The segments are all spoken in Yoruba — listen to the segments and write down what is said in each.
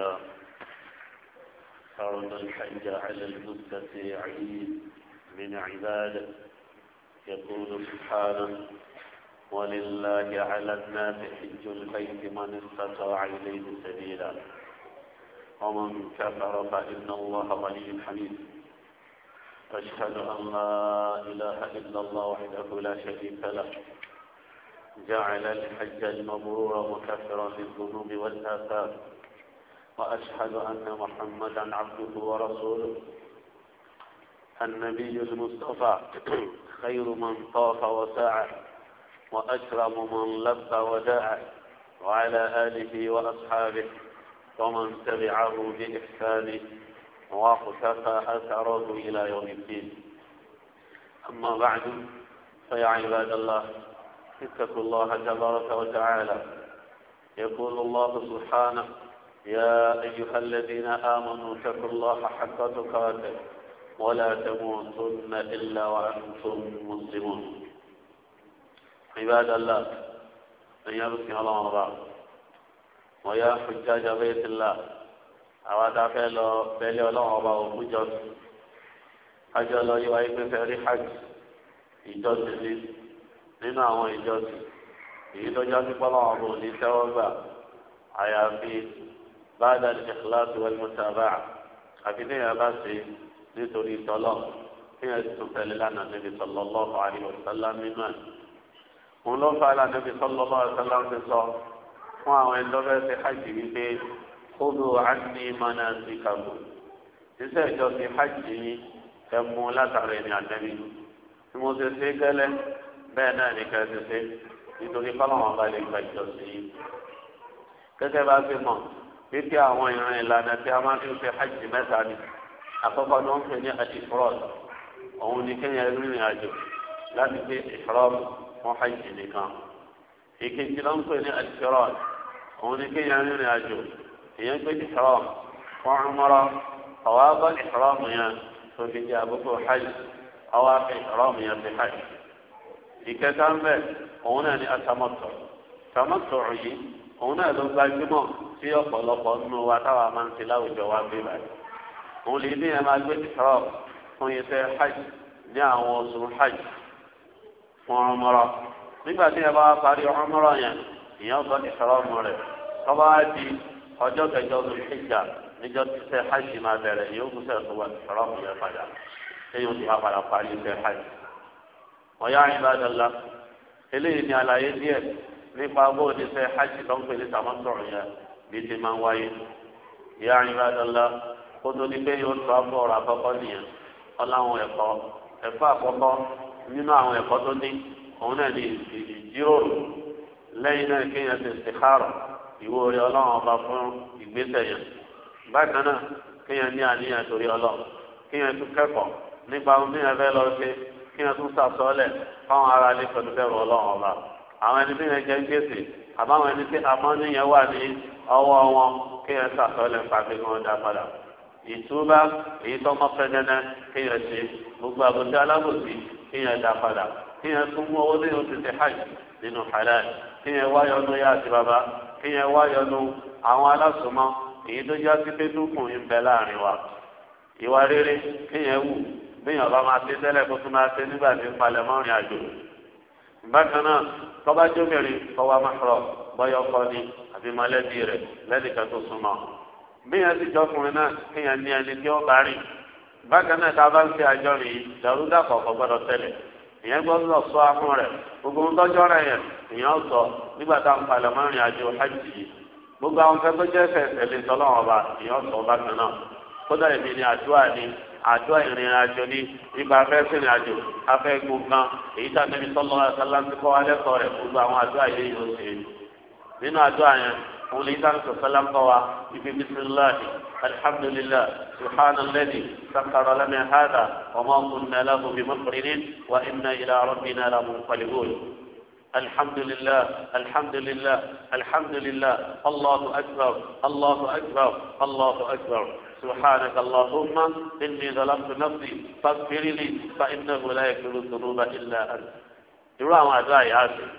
الله الحج على المستطيعين من عباده يقول سبحانه ولله على الناس حج البيت من استطاع إليه سبيلا ومن كفر فإن الله غني حميد أشهد أن لا إله إلا الله وحده لا شريك له جعل الحج المبرور مكفرا للذنوب والآثام وأشهد أن محمدا عبده ورسوله النبي المصطفى خير من طاف وساع وأكرم من لب وداع وعلى آله وأصحابه ومن تبعه بإحسان واقتفى أثره إلى يوم الدين أما بعد فيا عباد الله اتقوا الله تبارك وتعالى يقول الله سبحانه يا أيها الذين آمنوا اتقوا الله حق تقاته ولا تموتن إلا وأنتم مسلمون عباد الله أن يرسل الله الله ويا حجاج بيت الله أو داخل بلي الله أبا ومجد حج الله يوائي فعل حج إجاز لي لنا هو إجاز إذا جاء بلغه لتوبة àyàfi بعد الإخلاص والمتابعة أبني أباسي لتري طلاق هي تفعل لنا النبي صلى الله عليه وسلم من من لو فعل النبي صلى الله عليه وسلم بصوت ما هو إن لو حج بيتي خذوا عني مناسككم iṣẹ́ ìjọsìn hajj ni ẹ̀mú látàrí ní àdẹ́bí tí mo ṣe ṣe gẹ́lẹ́ bẹ́ẹ̀ náà ní kẹ́ẹ́ ṣe ṣe títí àwọn ìran ìlànà tí a máa ń fi hajj mẹ́ta ni àkọ́kọ́ ni wọ́n ń pè ní al-ifrad òun ni kéèyàn rìnrìn àjò láti gbé ihram fún hajj nìkan ìkejì ló ń pè ní al-ifrad òun ni kéèyàn rìnrìn àjò èèyàn gbé ihram fún umrah ọ̀wá bọ́ ihram yẹn tó fi jẹ́ àbúkù hajj ọ̀wá fi ihram yẹn fi hajj ìkẹta ń bẹ̀ òun náà ni atamattu tamattu yìí òun náà ló gbajúmọ̀ sí ọ̀pọ̀lọpọ̀ nínú wa táwa máa ń ṣe láwùjọ wa bí báyìí òun lè ní ẹ máa gbé tìkọrọ fún iṣẹ́ hajj ní àwọn oṣù hajj fún ọmọrọ nígbà tí ẹ bá parí ọmọrọ yẹn ìyẹn sọ tìkọrọ ọmọ rẹ tọ́ba á di ọjọ́ kẹjọ oṣù hijja níjọ́ tí iṣẹ́ hajj máa bẹ̀rẹ̀ yóò kú sẹ tó wà tìkọrọ ọmọ yẹn padà lẹ́yìn oṣù àpàdà parí iṣẹ́ hajj. ọ̀yá ìbádọ́lá eléyìí ni àlàyé díẹ̀ nípa bó o ti fẹ́ hajj tó ń pè ní tamatọ̀ yẹn bí ti máa ń wáyé. ìyá ìbádọ́lá kó tó ní pé yóò tó abọ́ ọ̀rọ̀ àkọ́kọ́ nìyẹn ọláwọn ẹ̀kọ́ ẹ̀kọ́ àkọ́kọ́ nínú àwọn ẹ̀kọ́ tó ní òun náà ní ìjíròrò lẹ́yìn náà kéèyàn ti sèkárọ̀ ìwé orí ọlọ́run ọba fún ìgbésẹ̀ yẹn bákan náà kéèyàn ní àníyàn torí ọlọ́run kéèyàn tún kẹ́kọ̀ọ́ àwọn ẹni tí yẹn jẹ ń gbèsè àbáwọn ẹni tí amọ́nìyàn wà ní ọwọ́ wọn kí yẹn sàtọ́lẹ̀ pàbí wọn dá padà ìtúbà èyí tó mọ́ fẹ́ dẹ́nẹ́ kí yẹn ṣe gbogbo àbòtí alábòsí kí yẹn dá padà kí yẹn tún mú owó lẹ́yìn oṣù ti hajj nínú halal kí yẹn wá yọnu yá àti bàbá kí yẹn wá yọnu àwọn alásùnmọ́ èyí tó já sí pé dúkùn ń bẹ láàrin wa ìwà rere kí yẹn wù bí yẹn bá máa ṣe tẹ́lẹ̀ kó tún máa ṣe nígbà tí ń palẹ̀ mọ́rin àjò bákan náà tọ́ba jómìnrin tọ́wá máṣọ́rọ̀ bọ́yọ̀ ọkọ ni àbí mọ́lẹ́bí rẹ̀ lẹ́nìkan tó súnmọ́ bíyàn sì jọkùnrin náà kíyàn ní ẹni tí ó bá rìn bákan náà tá a bá ń fi àjọ rìn dàrúdà kọ̀ọ̀kan gbọ́dọ̀ tẹ́lẹ̀ ìyẹn gbọ́dọ̀ sọ ahọ́n rẹ̀ gbogbo ń tọ́jọ́ rẹ̀ yẹn ìyẹn sọ nígbà tá à ń palẹ̀ mọ́ ìrìn àjò hajj gbogbo àwọn fẹ́ tó jẹ́ fẹ̀ẹ́ tẹ̀lé tọ́lọ́wọ́n ọba ìyẹn sọ bákan náà kódà èmi ni àdúrà ni àjọ ìrìn àjò ní ibà afẹ́ sìnrìn àjò afẹ́ gbọ̀ngàn èyí tá níbi sọ́lọ́ àṣálá ti kọ́ alẹ́ kọ́ rẹ̀ gbogbo àwọn àjọ àyè yóò ṣe nínú àjọ àyẹn òun lè dáhùn sọ sálám kọ́ wa ibi bisimilahi alhamdulilah subhanalladhi sakara lana hada wa ma kunna lahu bi muqrinin wa inna ila rabbina la munqalibun الحمد لله الحمد لله الحمد لله الله أكبر الله أكبر الله أكبر سبحانك اللهم إني ظلمت نفسي فاغفر لي فإنه لا يغفر الذنوب إلا أنت irú àwọn àdúrà yìí á sùn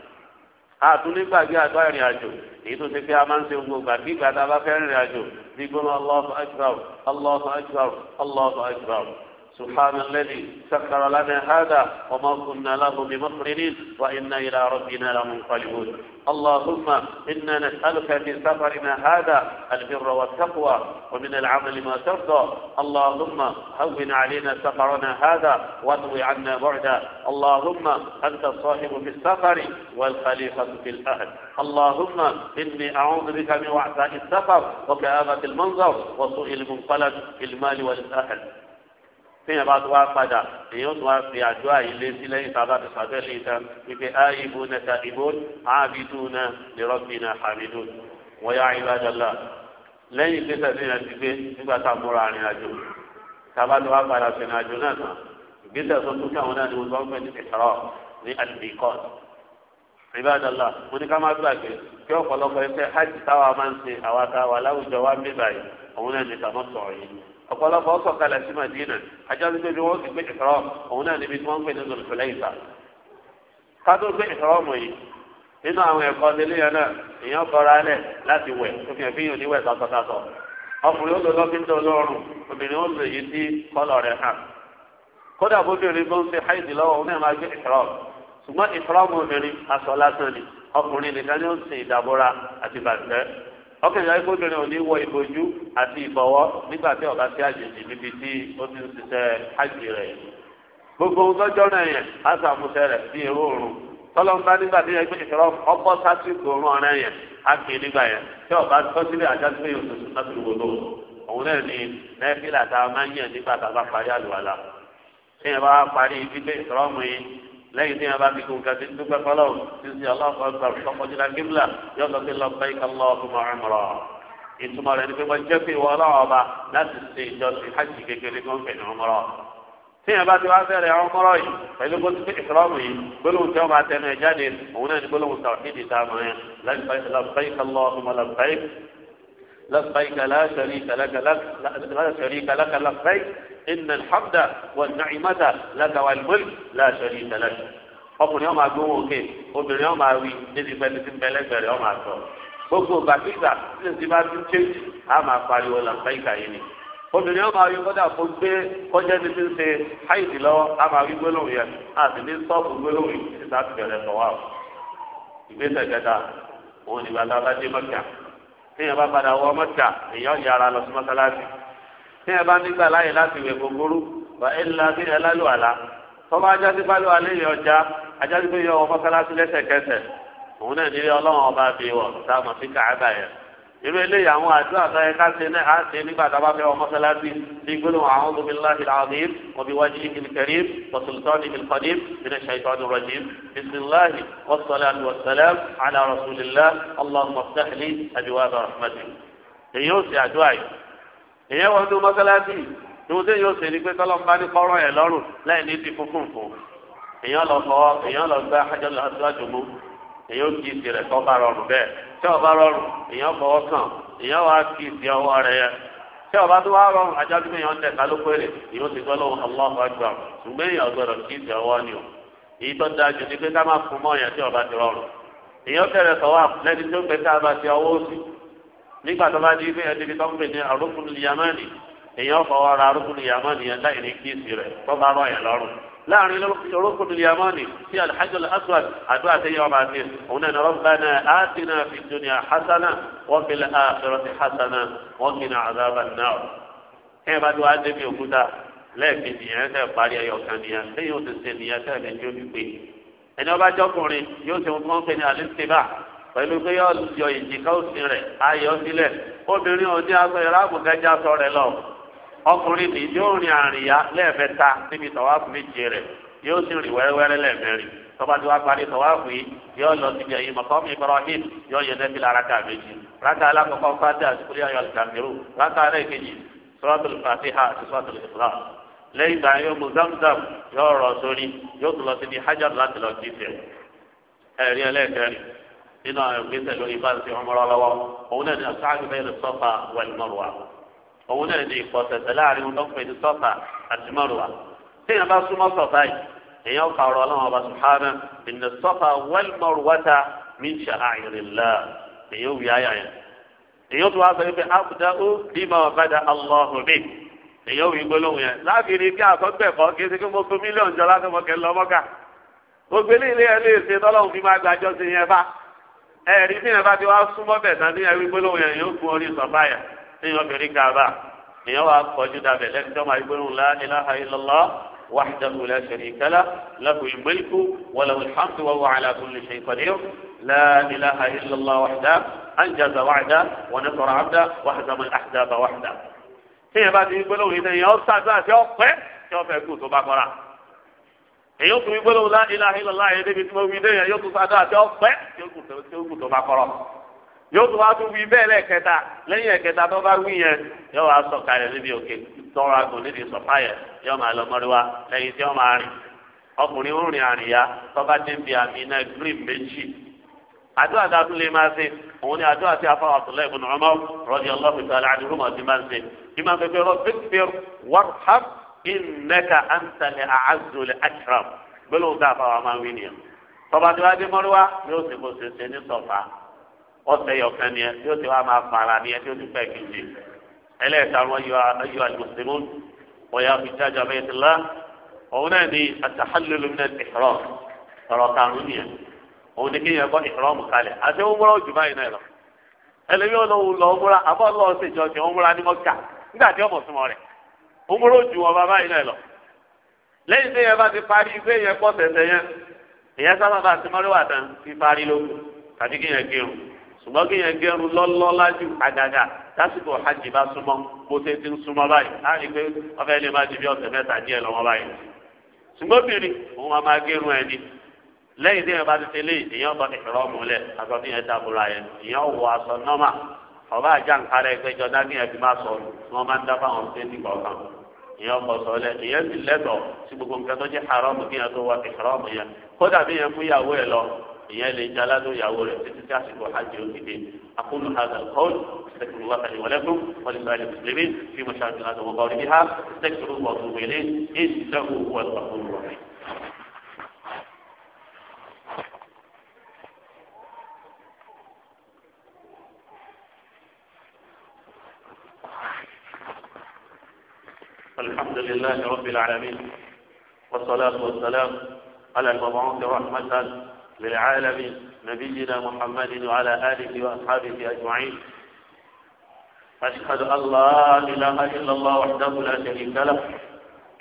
àtúndí gbàgbé àdúrà ìrìn àjò èyí tó ti fi a máa ń ṣe gbogbo gbàgbé ìgbà tá a bá fẹ́ rìnrìn àjò bí gbóná Allahu akbar Allahu akbar Allahu akbar. سبحان الذي سخر لنا هذا وما كنا له بمقرنين وإنا إلى ربنا لمنقلبون اللهم إنا نسألك في سفرنا هذا البر والتقوى ومن العمل ما ترضى اللهم هون علينا سفرنا هذا واطوي عنا بعدا اللهم أنت الصاحب في السفر والخليفة في الأهل اللهم إني أعوذ بك من وعثاء السفر وكآبة المنظر وسوء المنقلب في المال والأهل téèyàn bá tó wá padà èèyàn tó wá fi àdúrà yìí lé sí lẹ́yìn tá a bá ti sàbẹ̀ lè ta wípé àìbò nẹta ìbò àbídú náà lérò bí náà àbídú wọ́n yá ìbádọ́là lẹ́yìn ìgbésẹ̀ téèyàn ti gbé nígbà tá a múra àrìn àjò tá a bá tó wá padà sẹ̀rìn àjò náà tán ìgbésẹ̀ tó tún káwọn náà ni mo gbọ́n pé ní ìṣòro ní àdìbìkọ́ mo ní ká má gbàgbé kí ọ̀pọ̀lọpọ̀ iṣẹ́ hajj táwa máa ń ṣe àwa táwa láwùjọ wa ń bíbáyìí òun ọ̀pọ̀lọpọ̀ sọ̀kalẹ̀ sí madina ajá níbi bí wọ́n ti gbé ìkọ́rọ̀ òun náà níbi tí wọ́n ń gbé nínú ìfẹ̀lẹ́yìntà ká tó gbé ìkọ́rọ̀ mọ̀ yìí nínú àwọn ẹ̀kọ́ nílé yẹn náà èèyàn kọ́ra alẹ̀ láti wẹ̀ tó fi hàn fi hàn níwẹ̀ tọ̀tọ̀tọ̀ ọkùnrin ó lọ lọ́kíńtà olóòrùn obìnrin ó lọ èyí tí kọ́lọ̀ rẹ̀ hàn kódà bóbìnrin tó ọkàn ìyá ikú obìnrin ò ní wọ ìbojú àti ìbọ̀wọ́ nígbà tí ọ̀gá sí àjèjì níbi tí ó ti ń ṣiṣẹ́ hajj rẹ̀ gbogbo ohun tọ́jọ́ náà yẹn á sàmúṣẹ rẹ̀ sí irú òrùn tọ́lọ́mbá nígbà tí ẹgbẹ́ ìṣòro ọkọ̀ sásìkò òrùn ọ̀rẹ́ yẹn á kì í nígbà yẹn tí ọ̀gá tó sílẹ̀ àjálù láti wò lóhùn òun náà ni nẹ́ẹ̀fìlà tá a máa ń yàn nígbà tá a bá parí àlùwàlà lẹ́yìn tí wọn bá fi kún kàdé dúpẹ́ fọlọ́ sísè aláwọ̀ ọgbà tọkọjúlá gímlà yóò lọ sí lọ́pẹ́ ìkàlọ́ ọkùnrin ọ̀rẹ́mọ̀rọ̀ ìtumọ̀ rẹ̀ ni pé wọ́n jẹ́ pé ìwọ ọlọ́wọ́ ọba láti ṣe ìjọsìn hajj kékeré kan fẹ̀yìn ọmọrọ̀ tí yẹn bá ti wá fẹ́rẹ̀ ọmọrọ̀ yìí pẹ̀lú bó ti fi ìkọlọ́mù yìí gbólóhùn tí wọ́n bá tẹnu ẹ̀ jáde òun náà ni gbólóhùn tàwọn ìdí ìta mọ̀ yẹn lọ́pẹ́ ìkàlọ́ ọkùnrin لبيك لا شريك لك لا شريك لك لبيك إن الحمد والنعمة لك والملك لا شريك لك ọkùnrin ọmọ agbóhùn òkè obìnrin ọmọ awi níbi pẹ̀lú tí ń bẹ lẹ́gbẹ̀rẹ̀ ọmọ àtọ gbogbo gbàgbígbà tí n ti bá ti ń ṣe á máa pariwo làǹfààyíkà yìí ni obìnrin ọmọ awi kọjá kó gbé kọjá ní ti ń ṣe háìdì lọ́wọ́ á máa wí gbólóhùn yẹn á sì ní sọọbù gbólóhùn yìí ti ta ti bẹ̀rẹ̀ sọwọ ìgbésẹ̀ kẹta òun ìgbà tá bá dé mọkà téèyàn bá padà wọ mọ́tà èèyàn yàrá lọ sí mọ́sálásí téèyàn bá nígbà láyè láti wẹ̀ gbogbooru wà é ńlá bí ẹ lálù àlá tọ́ba ajásí bá lù alẹ́ yọ ọjà ajásí pé yọ wọ mọ́sálásí lẹ́sẹ̀kẹsẹ̀ òun náà nílé ọlọ́run ọba fi wọ̀ sáà mọ̀ sí kàábà yẹn irú eléyìí àwọn àdúrà tó yẹ ká ṣe náà á ṣe nígbà tá a bá fẹ́ ọmọ mọ́sálásí ní gbólóhùn a'udhu billahi al-azim wa biwajhihi al-karim wa sultanihi al-qadim minash shaytanir rajim bisimilahi wa salatu wa salam ala rasulillah allahumma iftah èyí ó ṣe àdúrà yìí èyí wọn ní mọ́sálásí ìwọ́n tẹ́ yóò ti funfun fún tí ọba rọrùn èèyàn fọwọ́ kàn èèyàn wá kí ìdí ọwọ́ rẹ̀ yẹ tí ọba tó wá rọrùn ajá tó èèyàn tẹ̀ ká ló péré èèyàn ti gbọ́ lọ́wọ́ Allahu Akbar ṣùgbọ́n èèyàn gbọ́dọ̀ kí ìdí ọwọ́ ni o èyí tó da jù ní pé ká má fún mọ́ yẹn tí ọba ti rọrùn èèyàn fẹ́rẹ̀ sọ wà lẹ́ni tó pẹ́ tá a bá ti ọwọ́ sí nígbà tó bá di pé ẹni tó ń èèyàn fọwọ́ ra arúgbó yamani yẹn láì ní kí ìsì rẹ̀ tó bá rọ̀ yẹn lọ́rùn láàrin lórúkọ tó yamani sí alhajjul aswad àdúrà tẹ yọọ máa ṣe òun náà rabbana atina fi dunya hasana wa fil akhirati hasana wa qina adhaban nar. ẹ bá dúró adébí òkúta lẹ́ẹ̀kejì yẹn tẹ parí ẹyọ kan nìyẹn lẹ́yìn oṣù tẹ nìyẹn tẹ lẹ́yìn omi pé ẹni ọba jọkùnrin yóò ṣe ohun tó ń pè ní alẹ́sìtẹ́bà pẹ̀lú pé yọ ìjìká òsì rẹ̀ ayọ̀ sílẹ̀ obìnrin òní ọkùnrin ni yóò rìn àrìyá lẹ́ẹ̀mẹ́ta níbi tọ́wáfù méje rẹ̀ yóò sì rìn wẹ́rẹ́wẹ́rẹ́ lẹ́ẹ̀mẹ́rin tọ́ba tí wàá parí tọ́wáfù yìí yóò lọ síbi ẹ̀yìn mọ̀kọ́mù Ibrahim yóò yẹ nẹ́bí laraka méjì raka alákọ̀ọ́kọ́ fati àsìkúlẹ̀ ayọ̀ alìkàmìrú raka alẹ́kẹ̀jì suratul Fatiha àti suratul Ikhlas lẹ́yìn ìgbà yóò mú zamzam yóò rọ̀ sórí yóò tún lọ síbi hajar láti lọ sí ìfẹ́ nínú àwọn ìgbésẹ̀ lórí bá ọmọ lọ́wọ́ òun náà ní asáàgbẹ́ Safa wal Marwa òun náà ní ìpọ̀sẹ̀sẹ̀ láàrin ohun tó ń pè ní sọ́fà àti mọ́rùwà téèyàn bá súnmọ́ sọ́fà yìí èèyàn kà ọ̀rọ̀ ọlọ́run ọba sùhánà ìnà sọ́fà wẹ́lmọ̀rùwátà mí ń ṣe àìrìnlá èèyàn wí ayà yẹn èèyàn tó wá sọ wípé àbùdá ó bímọ ọ̀bàdà aláhùn mi èèyàn wí gbólóhùn yẹn láàbìrì kí àkọ́gbẹ̀kọ́ kí ṣe kí mo fún mílíọ̀nù jọ téèyàn fi rí kaaba èèyàn wà kọjú dàbẹ̀ lẹ́yìn tó máa gbóhùn la ilaha illallah wahdahu la sharika lah lahul mulku wa lahul hamdu wa huwa ala kulli shay'in qadir la ilaha illallah wahdahu anjaza wa'dahu wa nasara 'abdahu wa hazama al-ahzaba wahdahu. téèyàn bá ti gbóhùn yìí téèyàn sàdúrà tí ó pẹ́ tí ó fẹ́ kú tó bá kọ́ra èyí ó tún gbóhùn la ilaha illallah yẹn débi tí mo wí dé yẹn yóò tún sàdúrà tí ó pẹ́ tí ó yóò tún wá tún wí bẹ́ẹ̀ lẹ́ẹ̀kẹta lẹ́yìn ẹ̀kẹta tó bá wí yẹn yóò wá sọ kalẹ̀ níbi òkè tọrọ agùn níbi sọ̀fà yẹn yóò máa lọ mọ́rí wa lẹ́yìn tí wọ́n máa rìn ọkùnrin ń rìn àríyá tó bá dé bi àmì iná green méjì àdúrà tá a tún lè máa ṣe òun ni àdúrà tí a fọwọ́ àtúnlẹ̀ ibn Umar radiyallahu ta'ala anhuma ti máa ń ṣe bí máa ń pèpè rabbighfir warham ọ̀sẹ̀ yọ̀kan ni ẹ tí ó ti wá máa fara ni ẹ tí ó ti fẹ́ kejì ẹlẹ́ẹ̀karùn ayọ̀ àlùmùsùlùmù wọ̀yà ìjájà bẹ́ẹ̀tìlá òun náà ni àtàhálùlù ní ìhrọ́m ọ̀rọ̀ karùn-ún nìyẹn òun ni kéèyàn kọ́ ìhrọ́m kalẹ̀ àti ó múra ojú báyìí náà lọ ẹlẹ́bí ọlọ́wọ́ lọ múra àbọ̀ lọ́ọ́ sì jọ ti ó múra ní mọ́kà nígbà tí ọmọ súnmọ́ rẹ̀ ó múra ojú wọn báyìí náà lọ ṣùgbọ́n kí yẹn gẹrun lọ́lọ́lá ju àgàgà lásìkò hajj bá súnmọ́ bó ṣe ti ń súnmọ́ báyìí láàrin pé ọ̀fẹ́ lè má ju bí ọ̀sẹ̀ mẹ́ta díẹ̀ lọ́wọ́ báyìí ṣùgbọ́n obìnrin òun á máa gẹrun ẹni lẹ́yìn tí yẹn bá ti ṣe lé ọba àjà nkárá ẹgbẹ́jọ dání ẹbí má sọ wọn máa ń dá fáwọn ṣe ní kọ̀ọ̀kan ìyẹn bọ̀ sọ lẹ ìyẹn sì lẹ́tọ̀ọ́ sí gbogbo nǹkan tó jẹ́ haramu kí yẹn tó wọ ìṣòro yẹn kódà bí yẹn fún ìyàwó ẹ lọ ìyẹn lè jẹ́ aládùn ìyàwó rẹ̀ títí tí àsìkò hajj ó dìde akólú hàdà kọ́ọ̀lù sẹ́kùrù wà tàyè wọlẹ́kùn wọ́n lè báyìí mùsùlùmí fi mọ̀ ṣáàtì láti wọ́n bọ́ọ̀lù bíhá sẹ́kùrù wà tó wẹ̀lé èyí sẹ́kù wà tó wọ̀ الحمد لله رب العالمين والصلاة والسلام على المبعوث رحمة للعالم نبينا محمد وعلى آله وأصحابه أجمعين أشهد أن لا إله إلا الله وحده لا شريك له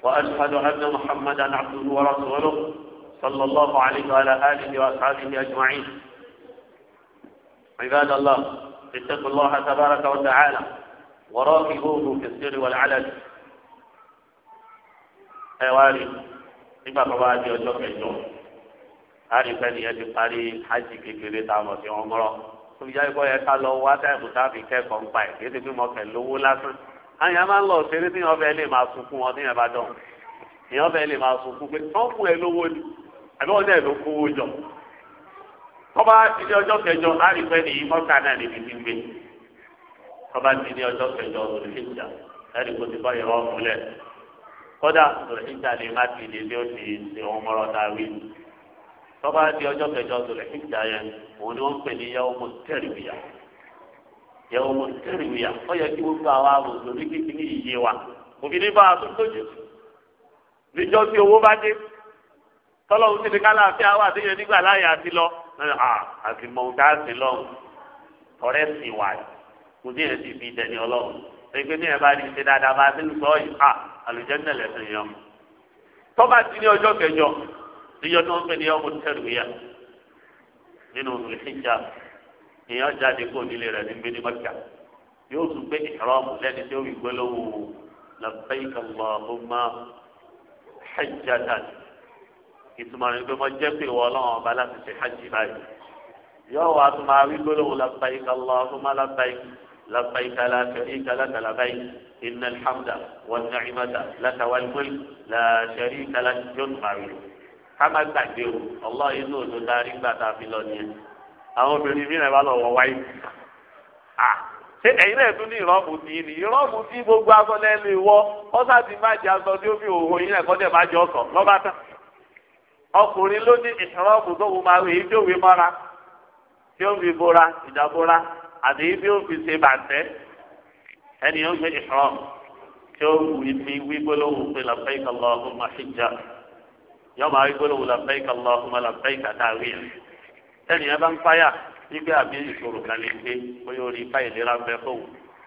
وأشهد أن محمدا عبده ورسوله صلى الله عليه وعلى آله وأصحابه أجمعين عباد الله اتقوا الله تبارك وتعالى وراقبوه في السر والعلن أيوالي إما فوائد وجوه àrífẹ́ nìyẹn ti parí hajj kékeré tá a mọ̀ sí wọn gbọ́rọ̀ olùyá ìbọn yẹn ká lọ wá táìpù táàbì kẹ́kọ̀ọ́ ń pa ẹ̀ kí ẹ ti fi mọ kẹ̀ lówó lásán àyàn máa ń lọ ṣeré tí yẹn ọbẹ̀ lè máa sunkún wọn tí yẹn bá dán yẹn ọbẹ̀ lè máa sunkún pé tọ́ fún ẹ lówó ni àbí wọn dẹ̀ ló kówó jọ tọ́ba ilé ọjọ́ kẹjọ àrífẹ́ nìyí mọ́kà náà níbi ti gbé tọ́ba ilé ọjọ́ kẹjọ olùkíjà ẹ̀rí kò ti tọ́ba di ọjọ́ kẹjọ sọlẹ̀ ìjà yẹn òun ni wọ́n ń pè ní yàwó mo tẹ̀rìwìyà yàwó mo tẹ̀rìwìyà ó yẹ kí gbogbo àwa mùsùlùmí kìkì ní ìyé wa òfin ní bá a tó tójú níjọ́ tí owó bá dé tọ́lọ́ òun ti di kálá àfi àwọn àtẹ̀yẹ nígbà láàyè àti lọ àti mọ ohun tá a sì lọ́hùn ọ̀rẹ́ sì wà kò ní ẹ̀ sì fi dẹni ọlọ́run pé ní ẹ̀ bá rí ṣe dáadáa bá a ti ń sọ níjọ́ tó ń pè ní ọmọ tẹ̀lùwíyà nínú oṣù ìṣìjà èèyàn jáde kó nílé rẹ̀ ní gbéni mọ́kà yóò tún gbé ìrọ́mù lẹ́ni tí ó wí gbólóhùn labbaik Allahumma hajjatan ìtumọ̀ rẹ̀ pé mo jẹ́ pé ìwọ ọlọ́run ọba láti ṣe hajj báyìí yóò wá tún máa wí gbólóhùn labbaik Allahumma labbaik labbaik la sharika laka labbaik innal hamda wan ni'mata laka wal mulk la sharika laka jọ́nù máa ká má gbàgbé o ọlọ́ inú òdo darí gbà tá a fi lọ nìyẹn àwọn obìnrin mi náà bá lọ wọ wáyé à ṣé ẹ̀yin náà tún ní ìrọ́mù tí ní ìrọ́mù tí gbogbo agbọ́lẹ́ lè wọ ọ́sà ti má jẹ aṣọ tí ó fi òwò yín náà kọ́tẹ̀ má jẹ ọkọ̀ lọ́ba tán ọkùnrin ló ní ìrọ́mù tó wù máa èyí tí ó mọ́ra tí ó fi bora ìdàbora àti èyí tí ó fi ṣe bàtẹ́ ẹni ó ṣe ìrọ́mù tí ó wù mí wí gbólóhùn pé làbẹ́yìn kàlọ́ ọ̀hún máa ṣe jà yọọ máa rí gbólóhùn làbẹ́yìká lọ́kùnmá làbẹ́yìká tá a rí ẹ̀ tẹ́lẹ̀ yẹn bá ń fáyà wípé àbí ìṣòro kan lè gbé bóyá orí ipá ìlera bẹ fóun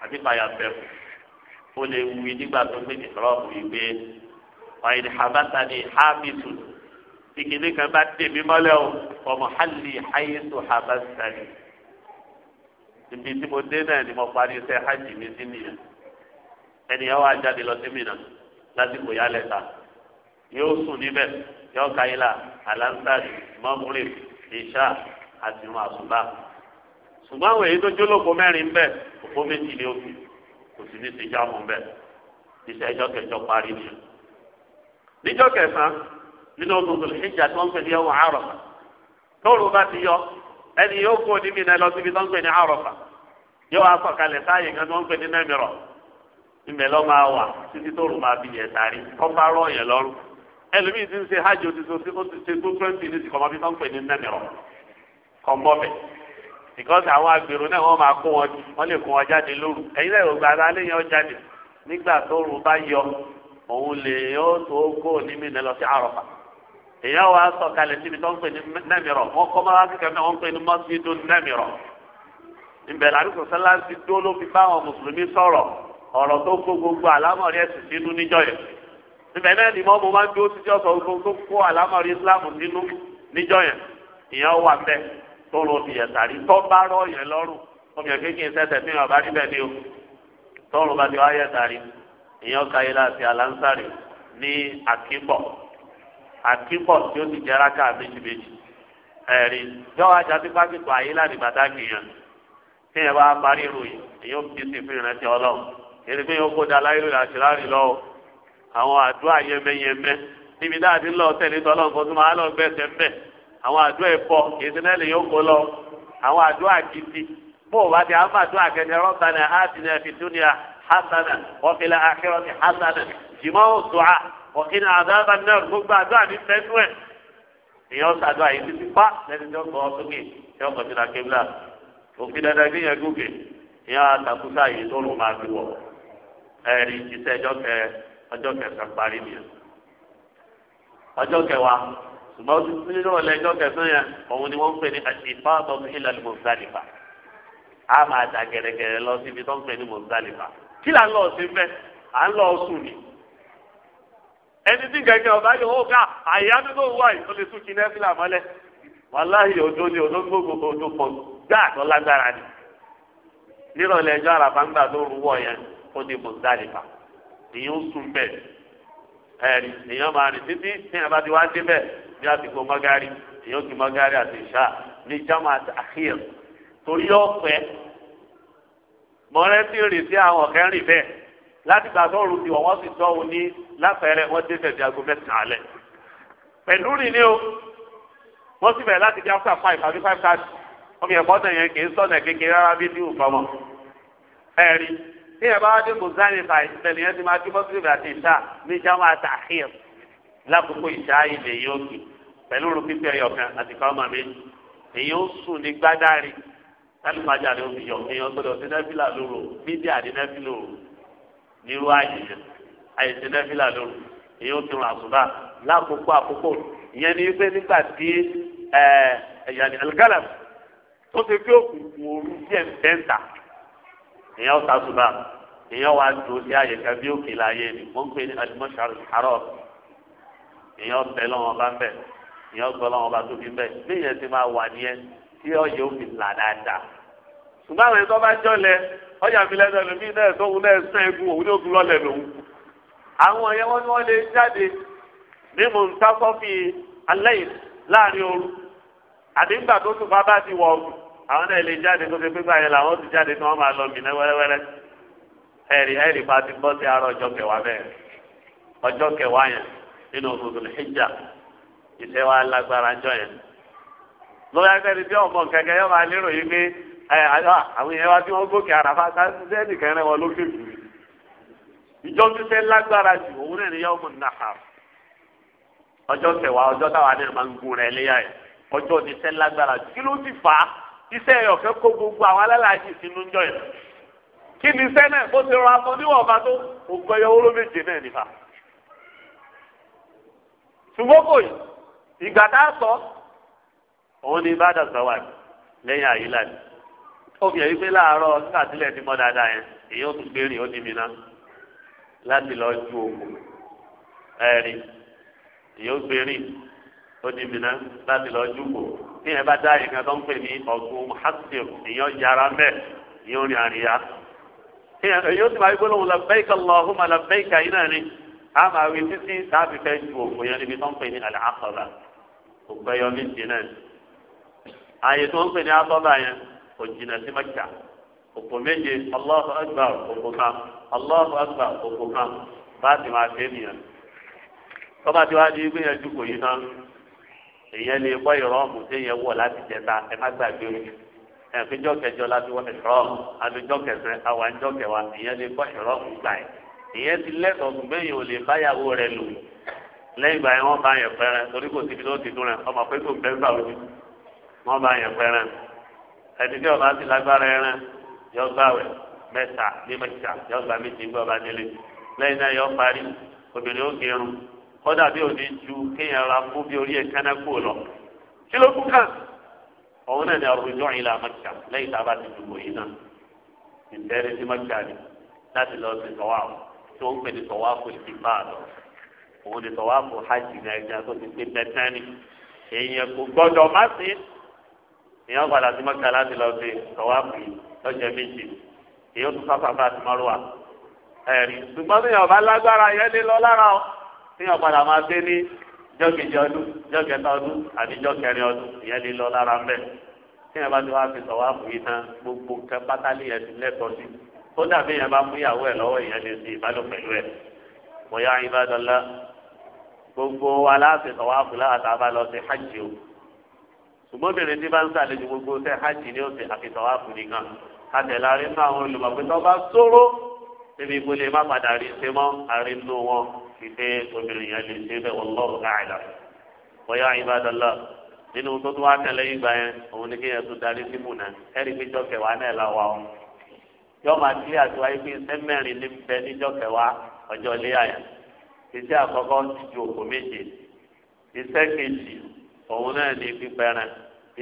àbí fàyà bẹ fóun ó lè wí nígbà tó gbé ìṣòro ìgbé wàyìn habata ni hamisu ìkíní kan bá dé mi o ọmọ hali hayisu habata ni ibi tí mo dé náà ni mo parí iṣẹ́ hajj mi sí nìyẹn ẹnìyàn wá jáde lọ sí mi náà lásìkò yálẹ̀ ta yóò sùn níbẹ̀ yóò ka ilà alansari mọ́kùnrin ìṣá àti irun àṣùbà ṣùgbọ́n àwọn èyí tó jólóko mẹ́rin bẹ́ẹ̀ òpó méjì ni ó fi kò sì ní ti já bẹ́ẹ̀ iṣẹ́ ẹjọ́ kẹjọ parí ni. níjọ́ kẹsàn-án nínú oṣù tó lè ṣèjà tí wọ́n ń pè ní ẹwọ̀n àròfà tóòrù bá ti yọ ẹni yóò kó ní mìíràn lọ síbi tó ń pè ní àròfà yóò wá sọ̀kalẹ̀ sáàyè kan tó ń pè ní nẹ́mìrọ̀ ìmẹ̀lọ́ máa wà títí tóòrù máa fi yẹ̀ sáré kọ́ bá rọ̀ yẹn lọ́rùn ẹlòmíì ti ń ṣe hajj òtítọ́ tí ó ti ṣe tó twenty ní ìkọ̀mọ́ bí wọ́n pè ní nẹ́mìrọ̀ kọ́ńbọ́bẹ̀ because àwọn agbèrò náà wọ́n máa kó wọn jù wọ́n lè kó wọn jáde lóru ẹ̀yin lẹ́yìn ògbà ara lẹ́yìn ọ jáde nígbà tóru bá yọ òun lè yọ tó kó ní mí lọ sí àrọ̀fà èèyàn wa sọ kalẹ̀ síbi tó ń pè ní nẹ́mìrọ̀ wọ́n kọ́ máa kíkẹ́ náà wọ́n pè ní mọ́sídó nẹ́mìrọ̀ ìbẹ̀rẹ̀ àdúgbò sẹ́lá ibẹ̀ náà ni mọ́mú máa ń dúró títí ọ̀sán ogun tó kó àlámọ̀rí islam nínú níjọ́ yẹn ìyẹn wà bẹ́ẹ̀ tó lọ fi yẹn tàrí tó bá rọ yẹn lọ́rùn omi ẹ̀ kékeré sẹ́sẹ̀ tí yẹn bá rí bẹ́ẹ̀ ni o tọ́run bá ti wá yẹ tàrí ìyẹn ká yẹ láti alánsárì ní àkíkọ̀ àkíkọ̀ tí ó ti jẹ́ rákà méjìméjì ẹ̀rí yọ̀wọ́ ajá tí pásítọ̀ ayé láti bàtà kìyàn tí yẹn bá parí ìròyìn èyí ó fi sí fún ìrántí àwọn àdúrà yẹmẹyẹmẹ níbi dáàbí ńlọ tẹ̀lé tọ́lọ́ nǹkan tó máa lọ gbẹ̀sẹ̀ mbẹ̀ àwọn àdúrà ẹ̀fọ́ ìsinẹ́lẹ̀ yóò kó lọ àwọn àdúrà gidi bó o bá àwọn àdúrà kẹ̀kẹ́ hasana ọ̀fìlà hasana jìmọ̀ ọ̀kìnà àdáàbà náà gbogbo àdúrà ní tẹ́tú ẹ̀ èèyàn yìí pa lẹ́ni tó kọ́ ọjọ́ kẹsàn-án parí mi ọjọ́ kẹwàá ṣùgbọ́n nínú ọ̀lẹ́jọ́ kẹsàn-án yẹn òun ni wọ́n ń pè ní àṣìfá ọ̀tọ̀ ìlànà mọ̀sálìfà á máa dà gẹ̀rẹ́gẹ̀rẹ́ lọ síbi tó ń pè ní mọ̀sálìfà kí là ń lọ sí fẹ́ à ń lọ sùn ni ẹni tí gẹ́gẹ́ ọba yìí ó ká àyà nínú wà yìí ó lè tún kíní ẹ́fílà mọ́lẹ̀ wàláhì èyàn sùn bẹ́ẹ̀ ẹ̀rì èyàn máa rìn títí tí ẹ̀ bá ti wá débẹ̀ bí àsìkò mọ́gárì èyàn kì mọ́gárì àti ìṣá ní jamaat akhir torí ọ̀pẹ mọ̀rẹ́ tí ń rìn sí àwọn ọ̀kẹ́ ń rìn bẹ́ẹ̀ láti gbà sọ́ọ̀rù tí wọ́n sì tọ́ òun ní láfẹ̀ẹ́rẹ́ wọ́n dé tẹ̀sí aago mẹ́sàn-án alẹ́ pẹ̀lú rìn ni o wọ́n sì bẹ̀rẹ̀ láti dé after five àbí five thirty ọmọ ẹ̀kọ́ tẹ̀yẹn kì í sọ̀nà kékeré rárá bí ní ìfọmọ́ ẹ̀rí ní ẹ̀ bá wá dé muzalifa ìsìlẹ̀ nìyẹn ti máa kí mọ́sílẹ̀ àti ìṣá ní jámà àtàkìr lákòókò ìṣá ilẹ̀ yóò kì pẹ̀lú orun pípẹ́ ẹ̀yọ̀kan àti kọ́mà méjì èyí ó sùn ní gbádárì tálùfájà ló fi yọ èyí ó gbọdọ̀ sí nẹ́fìlà lóru bíbí àdé nẹ́fìlà òru nírú àyè àyèsí nẹ́fìlà lóru èyí ó ti rún àsùbá lákòókò àkókò ìyẹn ni pé nígbà tí ẹ̀yàn algalam tó ti fi òkùnkùn òru díẹ̀ ń èèyàn sàṣùbà èèyàn wá dùn sí àyè kan bí òkè láyé ni wọ́n ń pè ní alimọ́ṣàrò àrọ́ èèyàn bẹ̀ lọ́wọ́ bá ń bẹ̀ èèyàn gbọ́ lọ́wọ́ bá tóbi bẹ̀ bí èèyàn ti máa wà nìyẹn tí ọ̀yẹ́ òfin là dáadáa ṣùgbọ́n àwọn ètò bá jọlẹ̀ ọjà mi lẹ́nu ẹlòmíì náà sóhun náà sàn egun òun yóò gun lọ́lẹ̀ lòun àwọn ẹ̀yẹ wọn ni wọ́n àwọn náà lè jáde tó fi pípa yẹn làwọn ti jáde tí wọ́n máa lọ mìíràn wẹ́rẹ́wẹ́rẹ́ ẹ̀rí ẹ̀rí pa ti bọ́ sí àárọ̀ ọjọ́ kẹwàá bẹ́ẹ̀ ọjọ́ kẹwàá yẹn nínú òkùnkùn hijab ìṣẹ́ wa lágbára jọ yẹn lórí akẹ́ni tí ọmọ kẹ̀kẹ́ yọ máa lérò yìí pé àwọn èèyàn wa tí wọ́n gòkè àràfà sẹ́ẹ̀dì kẹrin wọn lókè jù ìjọ fífẹ́ lágbára jù òun náà ni yọ ọmọ nàá ọjọ́ kẹwàá ọjọ́ táwa náà máa ń gun rẹ̀ léyà yẹn ọjọ́ ti fẹ́ lágbára jù kí ló ti fà á iṣẹ́ ọ̀fẹ́ kó gbogbo àwọn alálàájì sínú ń jọ yẹn kí ni iṣẹ́ náà bó ti rọra mọ níwọ̀nba tó ògbọ́n yọ owó méje náà nípa. ṣùgbọ́n kò yìí ìgbà tá a sọ òun ni ìbàdàn sọ wà lẹ́yìn àyílà ni obìnrin yìí pé láàárọ̀ nígbà tílẹ̀ ti mọ́ dáadáa yẹn èyí ó tún gbé rìn ó ní mi ná láti lọ ju òkú ẹ̀rí èyí ó gbé rìn ó ní mi ná láti lọ ju òkú ní ẹ bá dá ìkan tó ń pè ní ọ̀gbun hasil èèyàn yára mẹ́ ní orin àríyá. èèyàn ti máa ń gbólóhùn labbaika Allahumma labbaika yìí náà ni a máa wí títí láti fẹ́ ju òkú yẹn níbi tó ń pè ní al-Aqaba òkú ẹyọ méjì náà ni. ààyè tó ń pè ní Aqaba yẹn kò jìnnà sí Mẹ́kà òkú méje Allahu akbar òkú kan Allahu akbar òkú kan bá ti máa ṣe èyàn lè bọ́ ìrọ́ọ̀mù téèyàn wọ̀ láti jẹta ẹ má gbàgbé o ẹ̀fíjọ́ kẹjọ láti wọ ìrọ́ọ̀mù alójọ́ kẹsẹ̀ àwọn àjọ kẹwàá èyàn lè bọ́ ìrọ́ọ̀mù gbà ẹ̀ èyàn ti lẹ́tọ̀ọ́ sùn bẹ́yìn ò lè báyàwó rẹ lò lẹ́yìn ìgbà yẹn wọ́n bá yẹn pẹ́rẹ́ torí kò síbi tó ti dún rẹ ọmọ pé kò bẹ́ẹ̀ gbà ojú wọ́n bá yẹn pẹ́rẹ́ ẹni tí ọba ti lágbára ẹ rẹ yọ gbà wẹ̀ mẹ́ta ní mẹ́ta yọ gbà méjì gbọ́ ọba délé lẹ́yìn náà yọ parí obìnrin ó gẹrun kọ́dà bí òní ju kéèyàn ra mú bí orí ẹ̀ka náà kú lọ. kí ló kún kàn? òun náà ni àrùjọ ìlà mọ́kà lẹ́yìn tá a bá ti dùbò yìí náà. ìtẹ́rẹ́ sí mọ́kà ni láti lọ sí tọ́wá tó ń pè ní tọ́wá kò sí bá a lọ. òun ni tọ́wá kò hajj ní ẹja tó ti pé bẹ́tẹ́ ni. èèyàn kò gbọ́dọ̀ má sí. èèyàn padà sí mọ́kà láti lọ sí tọ́wá kù lọ́jọ́ méjì. èèyàn tún téèyàn padà máa dé ní jọ́kejì ọdún jọ́kẹta ọdún àbí jọ́kẹrin ọdún ìyẹn lè lọ lára ń bẹ̀ téèyàn bá ti wá fi sọ̀wá fún yìí tán gbogbo nǹkan pátálì yẹn ti lẹ́tọ̀ọ́ sí ó dàbí èèyàn bá mú ìyàwó ẹ̀ lọ́wọ́ ìyẹn lè ṣe ìbálòpọ̀ pẹ̀lú ẹ̀ bóyá ìbádọ́lá gbogbo aláàfin sọ̀wá fún láàtà bá lọ sí hajj o ṣùgbọ́n obìnrin tí bá ń sàlejò gbogbo sẹ́ hajj ni ó sì àfihàn wá fún nìkan àtẹ̀lé arínú àwọn olùmọ̀pẹ́tọ́ bá sóró níbi ìpele má padà rí ṣe mọ́ arínú wọn ìdè obìnrin yẹn lè ṣe bẹ́ẹ̀ wallahu ta'ala bóyá ibadallah nínú tó tó wá tẹ̀lé ìgbà yẹn òun ni kéèyàn tó darí sí múnà ẹ̀rí péjọ kẹwàá náà là wà ó yọ máa ti àtiwá yìí pé iṣẹ́ mẹ́rin ní bẹ níjọ kẹwàá ọjọ́ ilé àyà iṣẹ́ àkọ́kọ́ ti ju òkú méje iṣẹ́ kejì òun náà ní pípẹ́rẹ́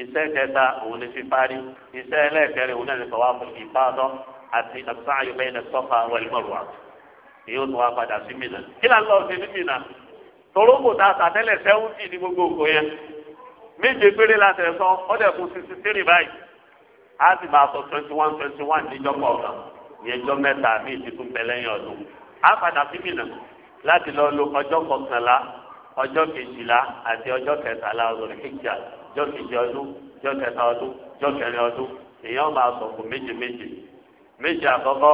iṣẹ́ kẹta òun ni fífárí iṣẹ́ ẹlẹ́ẹ̀kẹrin òun náà ní sọ̀wá fún ìfáàdọ́ àti àtúnṣe àyùbẹ́yìn sọ́fà wẹ̀lmọ̀rùwà èyí ó tún wá padà sí mìíràn kí là ń lọ sí ní mìíràn torókò tá a ta tẹ́lẹ̀ sẹ́wọ́ntì ní gbogbo òkò yẹn méje péré la tẹ̀ sọ ọ̀dẹ̀ kù sixty three báyìí a sì máa sọ twenty one twenty one níjọ́ kọ̀ọ̀kan ìyẹn jọ mẹ́ta mí ti tún bẹ lẹ́yìn ọdún a padà sí mìíràn láti lọ lo ọjọ́ kọkànlá ọjọ́ kejìlá àti ọjọ́ kẹtàlá ọdún kíjà jọ́ kejì ọdún jọ́ kẹta ọdún jọ́ kẹrin ọdún èèyàn máa sọ fún méje méje méje àkọ́kọ́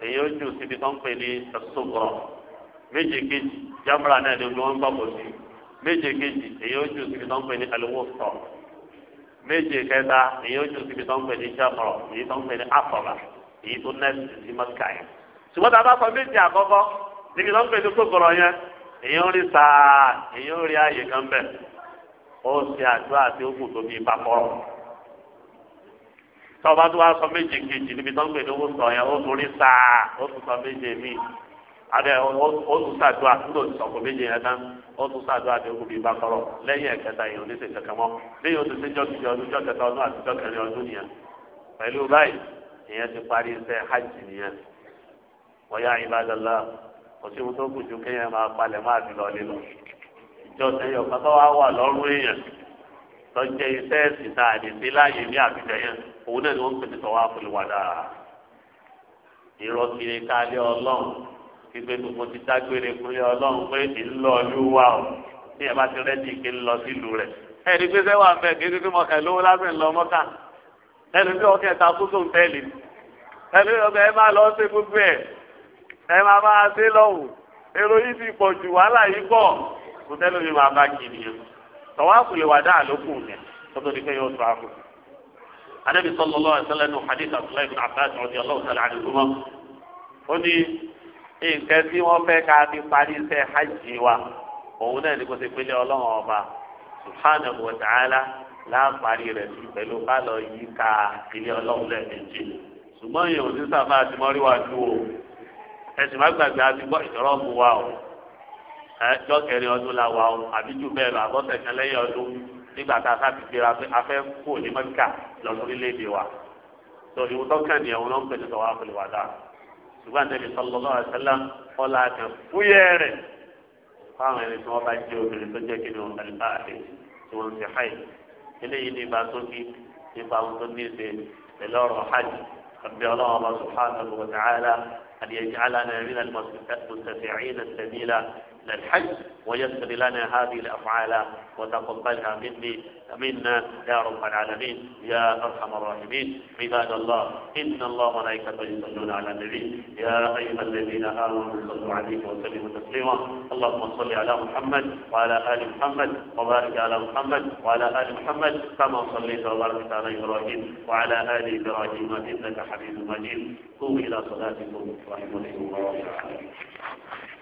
èyí ó jù síbi tó ń pè ní ẹ̀sùnkọ̀rọ̀ méje kejì jámúra náà ni wọ́n gbà pọ̀ sí méje kejì èyí ó jù síbi tó ń pè ní alwusta méje kẹta èyí ó jù síbi tó ń pè ní jámúrọ̀ èyí tó ń pè ní afọ̀là èyí tó nẹ́ẹ̀sì sí mọ́tíkà yẹn. ṣùgbọ́n tá a bá sọ méje àkọ́kọ́ níbi tó ń pè ní kókòrò yẹn èyí ó rí sáà èyí ó rí ààyè kan bẹ́ẹ̀ ó ṣe àdúrà tí ó kù tó bí tọba tó wá sọ méje kejì níbi tó ń gbèdé owó sọ yẹn ó torí sáà ó tún sọ méje mi abẹ ó tún sàdúrà tó tún sọkò méje yẹn tán ó tún sàdúrà tó kùbí bá kọrọ lẹ́yìn ẹ̀kẹta yìí oníṣe kẹkẹ mọ lẹ́yìn oṣù tí jọkì jọ ọdún jọkẹta ọdún àti jọkẹrin ọdún nìyẹn pẹ̀lú báyìí ìyẹn ti parí iṣẹ́ hajj nìyẹn wọyá ìbádọlá òṣèlú tó kù ju kéèyàn máa palẹ̀ máa fi lọ nínú ìjọ tọ́jẹ́ iṣẹ́ ẹ̀sìn tá a lè fi láàyè ní àbíjẹ yẹn òun náà ni wọ́n ń pè ní tọ́wọ́ àfọlùwàdà irọ́ kiri kálẹ̀ ọlọ́run gbígbé gbogbo ti dágbére kúlẹ̀ ọlọ́run pé ńlọ lúwa o ní ẹ̀ bá ti rẹ́dí kí ń lọ sílùú rẹ̀ ẹni pé sẹ́wà ń bẹ̀ kékeré kí mọ̀kẹ́ lówó lásìkò ńlọ mọ́kà ẹni pé ọkẹ́ ta kúso ń tẹ́lẹ̀ ẹni pé ọkẹ́ ẹ máa lọ sí gbogbo ẹ̀ ẹ máa máa tọ́wáfù lè wà dáa lókù rẹ̀ tọ́tọ́ ní pé yóò tó àkù. anabi sallallahu alaihi wasallam hadith abdullahi bin abbas radiyallahu ta'ala anhuma ó ní nǹkan tí wọ́n fẹ́ ká fi parí iṣẹ́ hajj wa òun náà ní kó ti pélé ọlọ́run ọba subhanahu wa ta'ala láàparí rẹ̀ sí pẹ̀lú bá lọ yí ká ilé ọlọ́run lẹ́ẹ̀mejì ṣùgbọ́n èèyàn ò ní sábà ti mọ́rí o ẹ̀sìn má gbàgbé àti gbọ́ ìjọ́rọ́ mu wa o ẹjọ́ kẹrin ọdún la wà ó àbí jù bẹ́ẹ̀ lọ àbọ̀tẹ̀ kan lẹ́yìn ọdún nígbà tá a sá ti gbéra pé a fẹ́ kó ní mọ́kà lọ sórílẹ̀-èdè wa tó ìwọ tó kàn ní ẹ̀wọ̀n náà ń pè ní sọ̀wá àpèlè wàdà ṣùgbọ́n àtẹ̀lé sọlọ́lọ́ àṣẹlá ọ̀la kan fúyẹ́ rẹ̀ fáwọn ẹni tí wọ́n bá jẹ́ obìnrin tó jẹ́ kí ni wọ́n bá àlè tí wọ́n ti háì eléyìí ní ibà tó kí nípa ohun tó ní ìṣe pẹ̀lú ọ̀rọ̀ hajj àbí ọlọ́wọ́ bá sùn للحج ويسر لنا هذه الأفعال وتقبلها مني منا يا رب العالمين يا أرحم الراحمين عباد الله إن الله ملائكته يصلون على النبي يا أيها الذين آمنوا صلوا عليه وسلموا تسليما اللهم صل على محمد وعلى آل محمد وبارك على محمد وعلى آل محمد كما صليت وباركت على إبراهيم وعلى آل إبراهيم إنك حميد مجيد قوموا إلى صلاتكم رحمة الله